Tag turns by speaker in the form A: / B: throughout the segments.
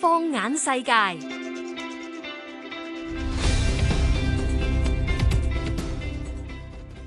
A: 放眼世界，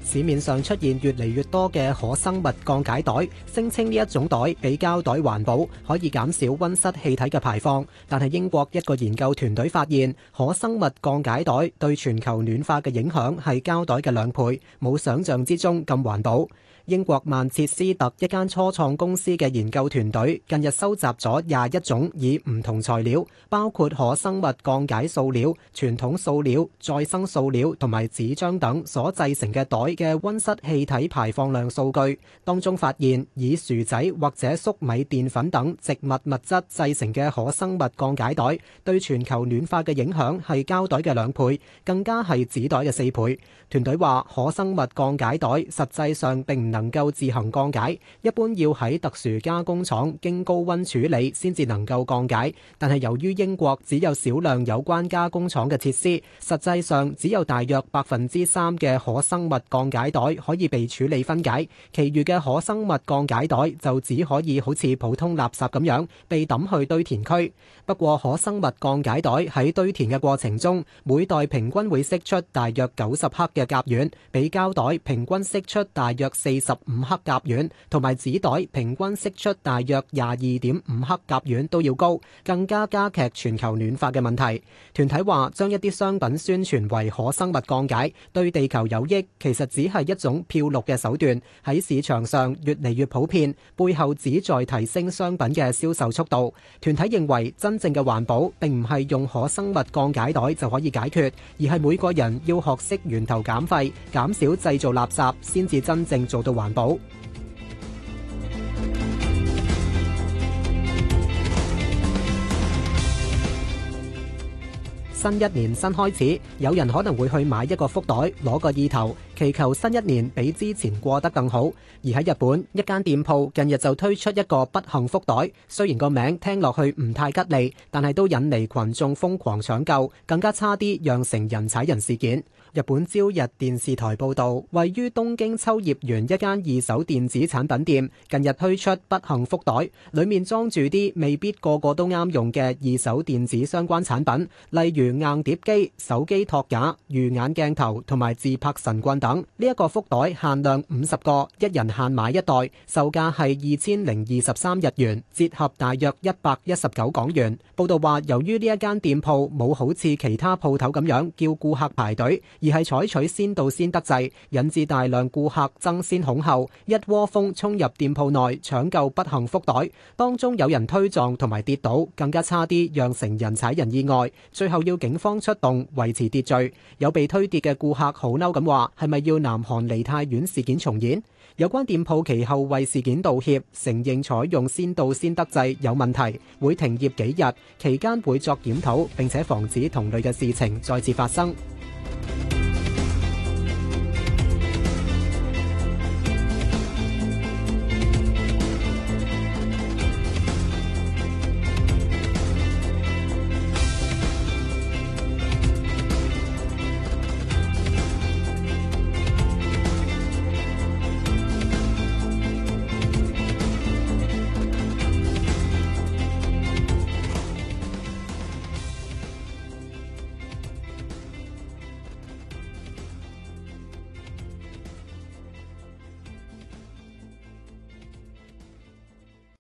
A: 市面上出現越嚟越多嘅可生物降解袋，聲稱呢一種袋比膠袋環保，可以減少温室氣體嘅排放。但係英國一個研究團隊發現，可生物降解袋對全球暖化嘅影響係膠袋嘅兩倍，冇想象之中咁環保。英國曼徹斯特一間初創公司嘅研究團隊近日收集咗廿一種以唔同材料，包括可生物降解塑料、傳統塑料、再生塑料同埋紙張等所製成嘅袋嘅溫室氣體排放量數據。當中發現，以薯仔或者粟米澱粉等植物物質製成嘅可生物降解袋，對全球暖化嘅影響係膠袋嘅兩倍，更加係紙袋嘅四倍。團隊話，可生物降解袋實際上並唔能夠自行降解，一般要喺特殊加工廠經高温處理先至能夠降解。但係由於英國只有少量有關加工廠嘅設施，實際上只有大約百分之三嘅可生物降解袋可以被處理分解，其餘嘅可生物降解袋就只可以好似普通垃圾咁樣被抌去堆填區。不過可生物降解袋喺堆填嘅過程中，每袋平均會釋出大約九十克嘅甲烷，比膠袋平均釋出大約四十。十五克甲烷同埋紙袋平均釋出大約廿二點五克甲烷都要高，更加加劇全球暖化嘅問題。團體話將一啲商品宣傳為可生物降解，對地球有益，其實只係一種漂綠嘅手段，喺市場上越嚟越普遍，背後旨在提升商品嘅銷售速度。團體認為真正嘅環保並唔係用可生物降解袋就可以解決，而係每個人要學識源頭減廢，減少製造垃圾，先至真正做到環保。新一年新開始，有人可能會去買一個福袋，攞個意頭，祈求新一年比之前過得更好。而喺日本，一間店鋪近日就推出一個不幸福袋，雖然個名聽落去唔太吉利，但係都引嚟群眾瘋狂搶購，更加差啲釀成人踩人事件。日本朝日電視台報導，位於東京秋葉原一間二手電子產品店，近日推出不幸福袋，裡面裝住啲未必個個都啱用嘅二手電子相關產品，例如，硬碟機、手機托架、魚眼鏡頭同埋自拍神棍等呢一個福袋，限量五十個，一人限買一袋，售價係二千零二十三日元，折合大約一百一十九港元。報道話，由於呢一間店鋪冇好似其他鋪頭咁樣叫顧客排隊，而係採取先到先得制，引致大量顧客爭先恐後，一窩蜂衝入店鋪內搶救不幸福袋，當中有人推撞同埋跌倒，更加差啲釀成人踩人意外，最後要。警方出動維持秩序，有被推跌嘅顧客好嬲咁話：係咪要南韓梨泰院事件重演？有關店鋪其後為事件道歉，承認採用先到先得制有問題，會停業幾日，期間會作檢討，並且防止同類嘅事情再次發生。